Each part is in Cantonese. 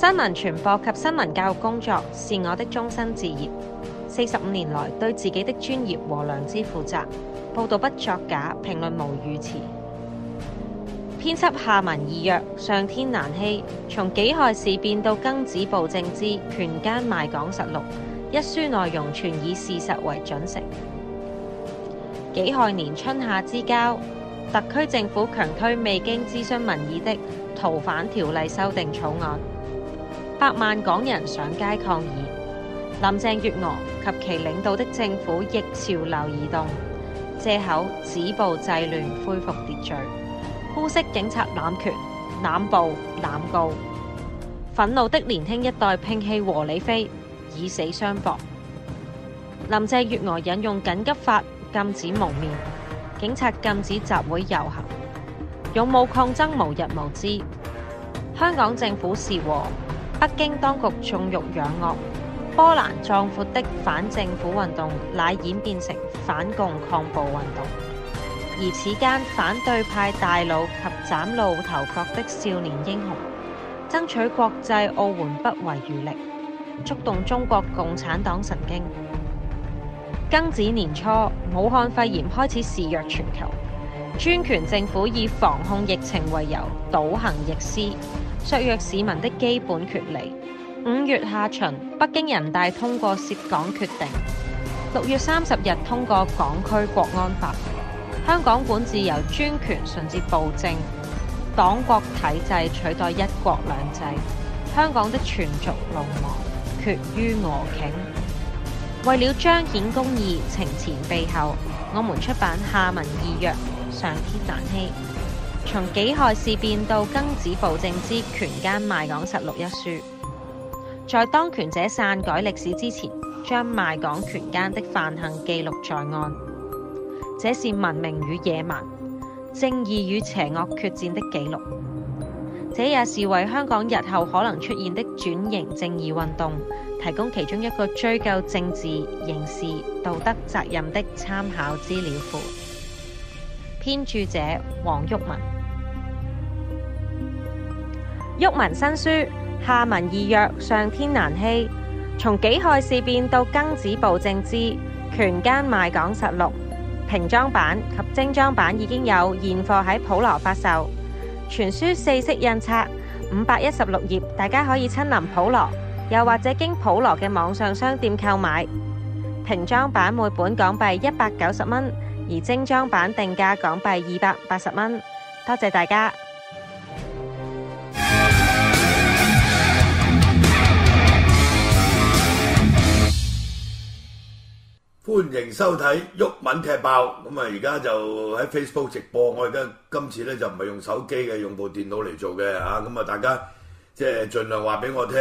新聞傳播及新聞教育工作是我的終身志業。四十五年來，對自己的專業和良知負責，報道不作假，評論無語詞。編輯下文意約，上天難欺。從《己亥事變》到《庚子暴政》之《權奸賣港實錄》，一書內容全以事實為準繩。己亥年春夏之交，特區政府強推未經諮詢民意的《逃犯條例》修訂草案。百萬港人上街抗議，林鄭月娥及其領導的政府逆潮流而動，借口止暴制亂恢復秩，秩序，污衊警察濫權、濫暴、濫告。憤怒的年輕一代摒棄和理非，以死相搏。林鄭月娥引用緊急法禁止蒙面，警察禁止集會遊行，勇武抗爭無日無之。香港政府是和。北京當局縱欲養惡，波瀾壯闊的反政府運動乃演變成反共抗暴運動，而此間反對派大佬及嶄露頭角的少年英雄，爭取國際奧援不遺餘力，觸動中國共產黨神經。庚子年初，武漢肺炎開始肆虐全球，專權政府以防控疫情為由，倒行逆施。削弱市民的基本權利。五月下旬，北京人大通過涉港決定；六月三十日通過港區國安法。香港管治由專權順至暴政，黨國體制取代一國兩制。香港的全族淪亡，決於俄頃。為了彰顯公義，懲前毖後，我們出版下文異約，上天難欺。從己亥事變到庚子暴政之權奸賣港實錄一書，在當權者篡改歷史之前，將賣港權奸的犯行記錄在案，這是文明與野蠻、正義與邪惡決戰的記錄。這也是為香港日後可能出現的轉型正義運動提供其中一個追究政治、刑事、道德責任的參考資料庫。編著者：黃毓民。《毓民新書》，下民易虐，上天難欺。從己亥事變到庚子暴政之權奸賣港實錄，平裝版及精裝版已經有現貨喺普羅發售。全書四色印刷，五百一十六頁，大家可以親臨普羅，又或者經普羅嘅網上商店購買。平裝版每本港幣一百九十蚊，而精裝版定價港幣二百八十蚊。多謝大家。歡迎收睇毓民踢爆咁啊！而家就喺 Facebook 直播，我而家今次咧就唔係用手機嘅，用部電腦嚟做嘅嚇。咁啊，大家即係儘量話俾我聽，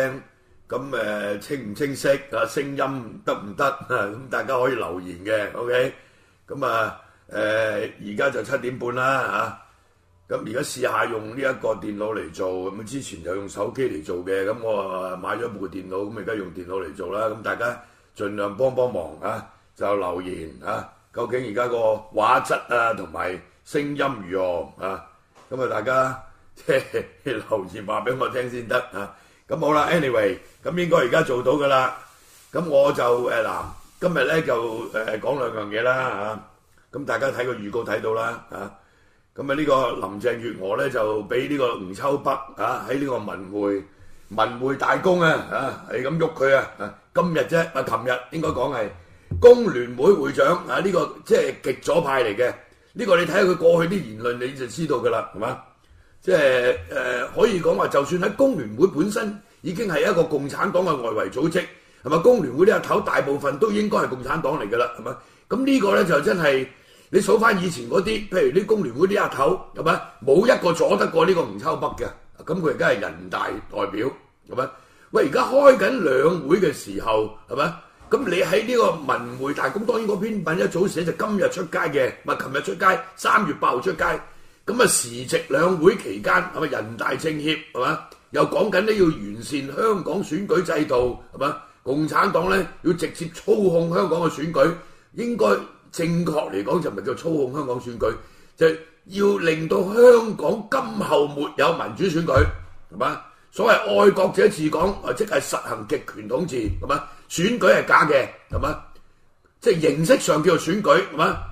咁誒清唔清晰啊？聲音得唔得啊？咁大家可以留言嘅，OK。咁啊誒，而家就七點半啦嚇。咁而家試下用呢一個電腦嚟做，咁之前就用手機嚟做嘅。咁我買咗部電腦，咁而家用電腦嚟做啦。咁大家儘量幫幫忙啊！就留言啊！究竟而家個畫質啊，同埋聲音如何啊？咁啊，大家即係留言話俾我聽先得啊！咁好啦，anyway，咁應該而家做到噶啦。咁我就誒嗱，今日咧就誒講兩樣嘢啦嚇。咁大家睇個預告睇到啦啊！咁啊呢個林鄭月娥咧就俾呢個吳秋北啊喺呢個文匯文匯大攻啊嚇，係咁喐佢啊！今日啫，咪琴日應該講係。工聯會會長啊，呢個即係極左派嚟嘅，呢個你睇下佢過去啲言論你就知道噶啦，係嘛？即係誒，可以講話就算喺工聯會本身，已經係一個共產黨嘅外圍組織，係嘛？工聯會啲阿頭大部分都應該係共產黨嚟噶啦，係嘛？咁呢個咧就真係你數翻以前嗰啲，譬如啲工聯會啲阿頭，係嘛？冇一個阻得過呢個吳秋北嘅，咁佢而家係人大代表，係嘛？喂，而家開緊兩會嘅時候，係嘛？咁你喺呢個文匯大咁，當然嗰篇文一早寫，就係、今日出街嘅，咪琴日出街，三月八號出街。咁啊時值兩會期間，係咪人大政協係嘛？又講緊呢要完善香港選舉制度，係嘛？共產黨呢，要直接操控香港嘅選舉，應該正確嚟講就唔係叫操控香港選舉，就係、要令到香港今後沒有民主選舉，係嘛？所謂愛國者治港，即係實行極權統治，係嘛？選舉係假嘅，係嘛？即係形式上叫做選舉，係嘛？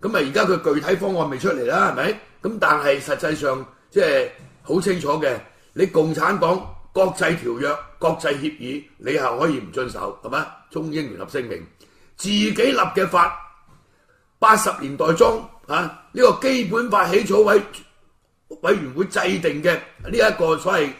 咁啊，而家佢具體方案未出嚟啦，係咪？咁但係實際上，即係好清楚嘅。你共產黨國際條約、國際協議，你係可以唔遵守，係嘛？中英聯合聲明，自己立嘅法，八十年代中啊，呢個基本法起草委委員會制定嘅呢一個所謂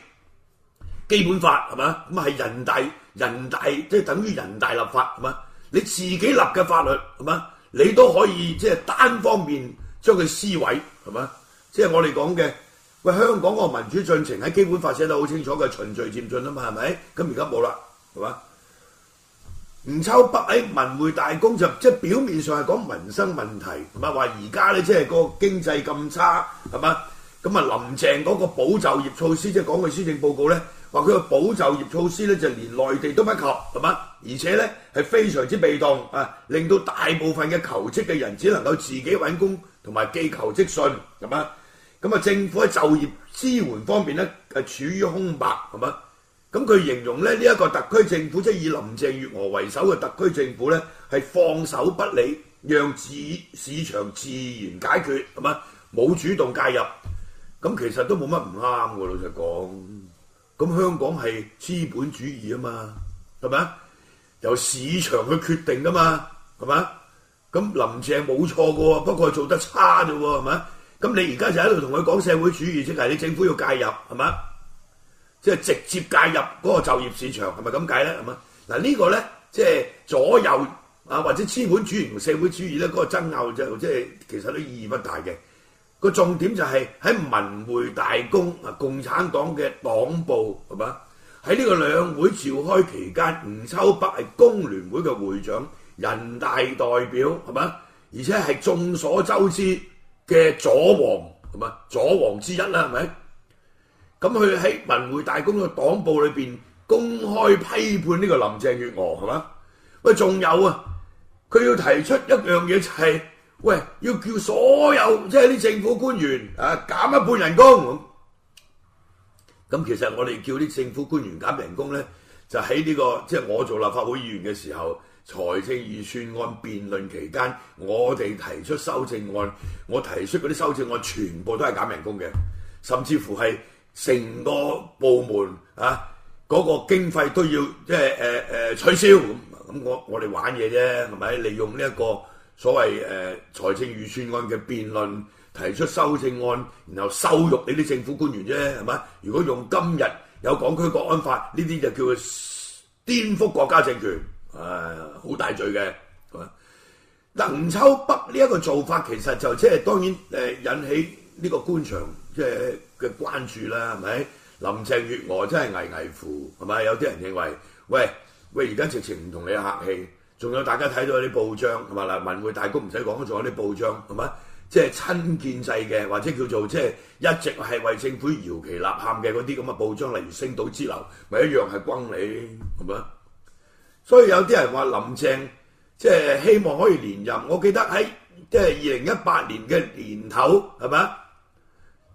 基本法，係嘛？咁係人大。人大即係等於人大立法，係嘛？你自己立嘅法律，係嘛？你都可以即係單方面將佢撕毀，係嘛？即係我哋講嘅，喂，香港個民主進程喺基本法寫得好清楚嘅，就是、循序漸進啊嘛，係咪？咁而家冇啦，係嘛？吳秋北喺文匯大公就即係表面上係講民生問題，唔係話而家咧即係個經濟咁差，係嘛？咁啊林鄭嗰個保就業措施，即係講佢施政報告咧。話佢個保就業措施咧，就連內地都不及係嘛？而且咧係非常之被動啊，令到大部分嘅求職嘅人只能夠自己揾工同埋寄求職信係嘛？咁啊、嗯，政府喺就業支援方面咧係、啊、處於空白係嘛？咁佢、嗯、形容咧呢一、這個特區政府即係以林鄭月娥為首嘅特區政府咧係放手不理，讓市市場自然解決係嘛，冇主動介入。咁、嗯、其實都冇乜唔啱嘅，老實講。咁香港係資本主義啊嘛，係咪由市場去決定噶嘛，係咪啊？咁林鄭冇錯嘅喎，不過做得差啫喎，係咪啊？咁你而家就喺度同佢講社會主義，即係你政府要介入，係咪啊？即係直接介入嗰個就業市場，係咪咁解咧？係咪？嗱，呢個咧，即係左右啊，或者資本主義同社會主義咧，嗰個爭拗就即係其實都意義不大嘅。個重點就係喺文匯大公啊，共產黨嘅黨部係嘛？喺呢個兩會召開期間，吳秋北係工聯會嘅會長、人大代表係嘛？而且係眾所周知嘅左王係嘛？左王之一啦，係咪？咁佢喺文匯大公嘅黨部裏邊公開批判呢個林鄭月娥係嘛？喂，仲有啊，佢要提出一樣嘢就係。喂，要叫所有即係啲政府官員啊減一半人工咁，其實我哋叫啲政府官員減人工咧，就喺呢個即係我做立法會議員嘅時候，財政預算案辯論期間，我哋提出修正案，我提出嗰啲修正案全部都係減人工嘅，甚至乎係成個部門啊嗰個經費都要即係誒誒取消咁，咁我我哋玩嘢啫，係咪利用呢一個？所謂誒、呃、財政預算案嘅辯論，提出修正案，然後羞辱你啲政府官員啫，係嘛？如果用今日有港區國安法，呢啲就叫做顛覆國家政權，誒、啊、好大罪嘅。嗱，吳秋北呢一個做法，其實就即、是、係當然誒引起呢個官場嘅嘅關注啦，係咪？林鄭月娥真係危危乎，係咪？有啲人認為，喂喂，而家直情唔同你客氣。仲有大家睇到有啲報章，係嘛，嗱，文匯大公唔使講，仲有啲報章係嘛，即係親建制嘅，或者叫做即係一直係為政府搖旗吶喊嘅嗰啲咁嘅報章，例如星島之流，咪一樣係轟你，係咪？所以有啲人話林鄭即係希望可以連任，我記得喺即係二零一八年嘅年頭，係嘛？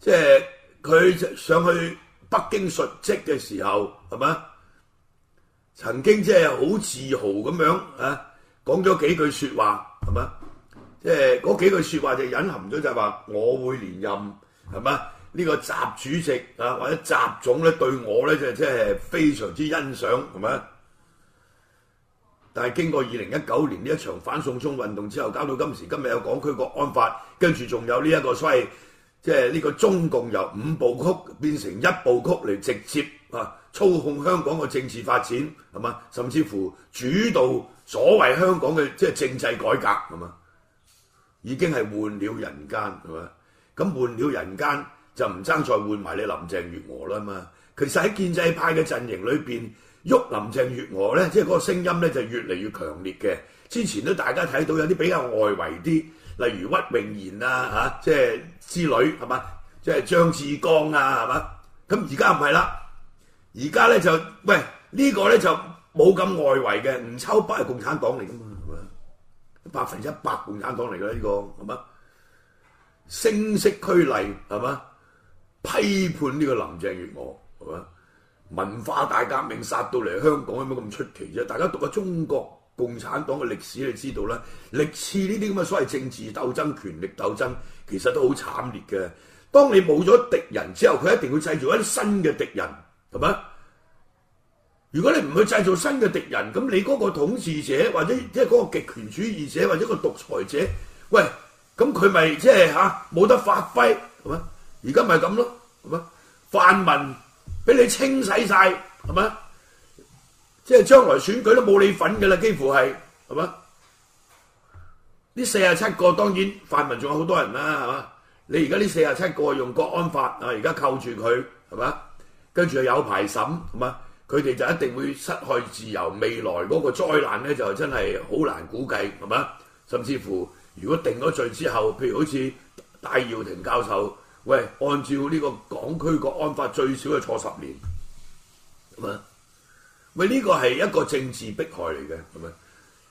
即係佢上去北京述職嘅時候，係咪？曾經即係好自豪咁樣啊，講咗幾句説話係嘛，即係嗰幾句説話就隱含咗就係話我會連任係嘛？呢個習主席啊或者習總咧對我咧就即係非常之欣賞係嘛？但係經過二零一九年呢一場反送中運動之後，搞到今時今日有港區國安法，跟住仲有呢一個所謂即係呢個中共由五部曲變成一部曲嚟直接啊。操控香港嘅政治發展係嘛，甚至乎主導所謂香港嘅即係政制改革係嘛，已經係換了人間係嘛，咁換了人間就唔爭再換埋你林鄭月娥啦嘛。其實喺建制派嘅陣營裏邊，喐林鄭月娥咧，即係嗰個聲音咧就越嚟越強烈嘅。之前都大家睇到有啲比較外圍啲，例如屈穎妍啊嚇，即係之女係嘛，即係張志剛啊係嘛，咁而家唔係啦。而家咧就喂呢、這個咧就冇咁外圍嘅，吳秋北係共產黨嚟噶嘛？係咪？百分之一百共產黨嚟㗎呢個係嘛？聲色俱厲係嘛？批判呢個林鄭月娥係嘛？文化大革命殺到嚟香港有咩咁出奇啫？大家讀下中國共產黨嘅歷史，你知道啦。歷次呢啲咁嘅所謂政治鬥爭、權力鬥爭，其實都好慘烈嘅。當你冇咗敵人之後，佢一定要製造一啲新嘅敵人。係嘛？如果你唔去製造新嘅敵人，咁你嗰個統治者或者即係嗰個極權主義者或者個獨裁者，喂，咁佢咪即係吓冇得發揮，係嘛？而家咪咁咯，係嘛？泛民俾你清洗晒，係嘛？即係將來選舉都冇你份噶啦，幾乎係，係嘛？呢四十七個當然泛民仲有好多人啦，係嘛？你而家呢四十七個用國安法啊，而家扣住佢，係嘛？跟住有排審，係嘛？佢哋就一定會失去自由。未來嗰個災難咧，就真係好難估計，係嘛？甚至乎，如果定咗罪之後，譬如好似戴耀廷教授，喂，按照呢個港區國安法，最少係坐十年，係嘛？喂，呢個係一個政治迫害嚟嘅，係嘛？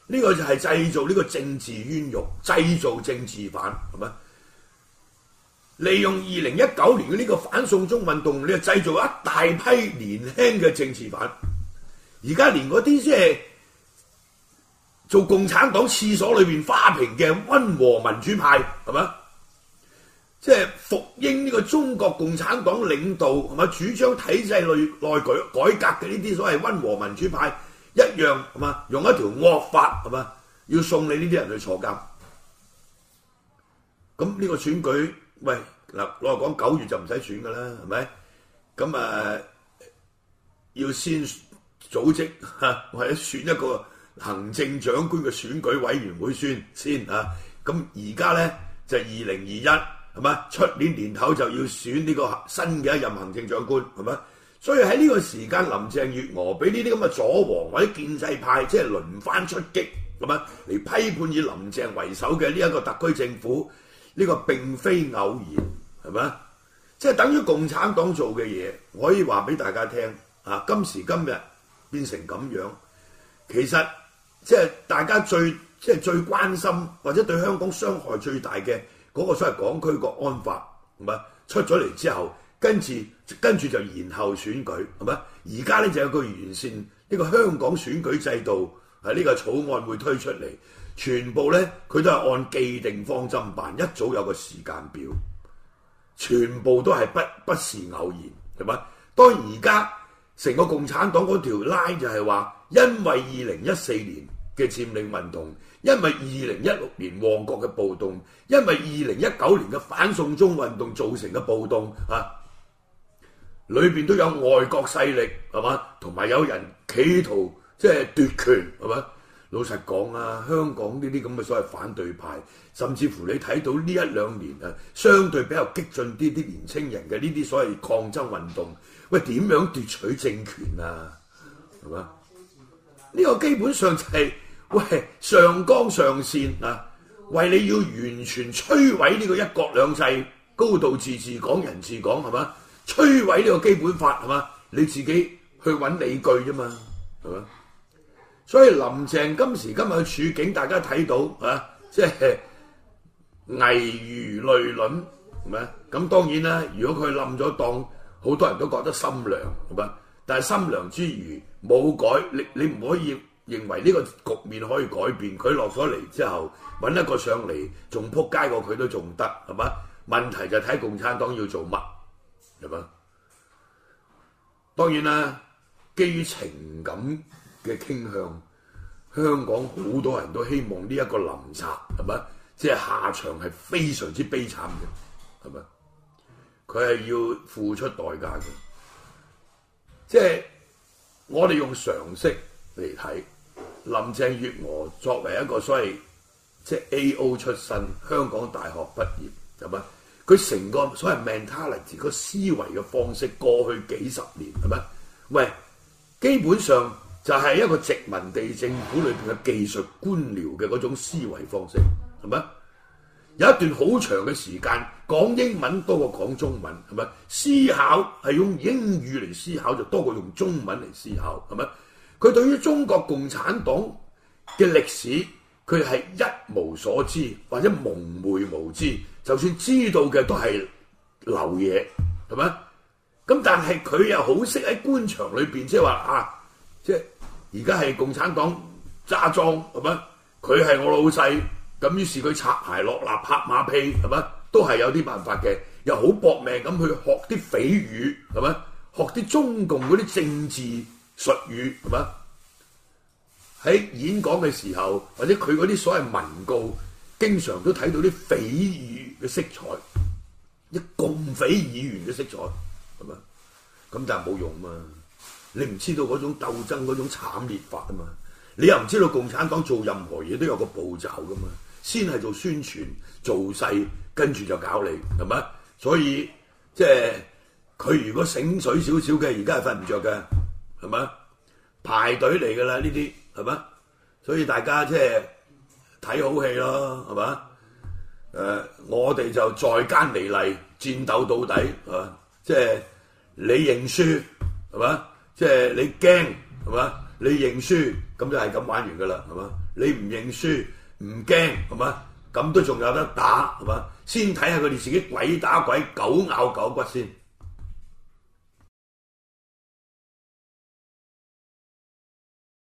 呢個就係製造呢個政治冤獄，製造政治犯。係嘛？利用二零一九年嘅呢個反送中運動，你啊製造一大批年輕嘅政治犯。而家連嗰啲即係做共產黨廁所裏邊花瓶嘅溫和民主派，係嘛？即係服膺呢個中國共產黨領導，係嘛？主張體制內內改改革嘅呢啲所謂溫和民主派一樣，係嘛？用一條惡法，係嘛？要送你呢啲人去坐監。咁呢個選舉？喂，嗱，老實講九月就唔使選噶啦，係咪？咁誒、啊，要先組織嚇、啊，或者選一個行政長官嘅選舉委員會選先嚇。咁而家咧就係二零二一，係咪？出年年頭就要選呢個新嘅一任行政長官，係咪？所以喺呢個時間，林鄭月娥俾呢啲咁嘅左王或者建制派即係、就是、輪番出擊咁樣嚟批判以林鄭為首嘅呢一個特區政府。呢個並非偶然，係咪？即係等於共產黨做嘅嘢，我可以話俾大家聽啊！今時今日變成咁樣，其實即係大家最即係最關心，或者對香港傷害最大嘅嗰個，所謂港區國安法，係咪？出咗嚟之後，跟住跟住就延後選舉，係咪？而家呢就有個完善呢個香港選舉制度喺呢個草案會推出嚟。全部咧，佢都係按既定方針辦，一早有個時間表，全部都係不不是偶然，係嘛？當然而家成個共產黨嗰條拉就係話，因為二零一四年嘅佔領運動，因為二零一六年旺角嘅暴動，因為二零一九年嘅反送中運動造成嘅暴動嚇，裏、啊、邊都有外國勢力係嘛，同埋有，有人企圖即係奪權係嘛？老實講啊，香港呢啲咁嘅所謂反對派，甚至乎你睇到呢一兩年啊，相對比較激進啲啲年青人嘅呢啲所謂抗爭運動，喂，點樣奪取政權啊？係嘛？呢個基本上就係、是、喂上綱上線啊，為你要完全摧毀呢個一國兩制、高度自治、港人治港，係嘛？摧毀呢個基本法，係嘛？你自己去揾理據啫嘛，係嘛？所以林鄭今時今日嘅處境，大家睇到啊，即係危如累卵，係咪啊？咁當然啦，如果佢冧咗檔，好多人都覺得心涼，係咪？但係心涼之餘冇改，你你唔可以認為呢個局面可以改變。佢落咗嚟之後，揾一個上嚟仲撲街過佢都仲得，係咪啊？問題就睇共產黨要做乜，係咪？當然啦，基於情感。嘅傾向，香港好多人都希望呢一個林鄭係咪，即係下場係非常之悲慘嘅，係咪？佢係要付出代價嘅，即係我哋用常識嚟睇，林鄭月娥作為一個所謂即係、就是、A.O 出身，香港大學畢業，係咪？佢成個所謂 mentality 個思維嘅方式，過去幾十年係咪？喂，基本上。就係一個殖民地政府裏邊嘅技術官僚嘅嗰種思維方式，係咪？有一段好長嘅時間講英文多過講中文，係咪？思考係用英語嚟思考就多過用中文嚟思考，係咪？佢對於中國共產黨嘅歷史，佢係一無所知或者蒙昧無知，就算知道嘅都係流嘢，係咪？咁但係佢又好識喺官場裏邊，即係話啊，即係。而家係共產黨揸莊，係咪？佢係我老細，咁於是佢擦鞋落力拍馬屁，係咪？都係有啲辦法嘅，又好搏命咁去學啲匪語，係咪？學啲中共嗰啲政治術語，係咪？喺演講嘅時候，或者佢嗰啲所謂文告，經常都睇到啲匪語嘅色彩，啲共匪語言嘅色彩，係咪？咁但冇用嘛，啊。你唔知道嗰種鬥爭嗰種慘烈法啊嘛，你又唔知道共產黨做任何嘢都有個步驟㗎嘛，先係做宣傳做勢，跟住就搞你，係咪？所以即係佢如果醒水少少嘅，而家係瞓唔着嘅，係咪？排隊嚟㗎喇呢啲係咪？所以大家即係睇好戲咯係嘛，誒、呃、我哋就再接再厲戰鬥到底係嘛，即係你認輸係嘛？即係你驚係嘛？你認輸，咁就係咁玩完㗎喇係嘛？你唔認輸唔驚係嘛？咁都仲有得打係嘛？先睇下佢哋自己鬼打鬼狗咬狗骨先。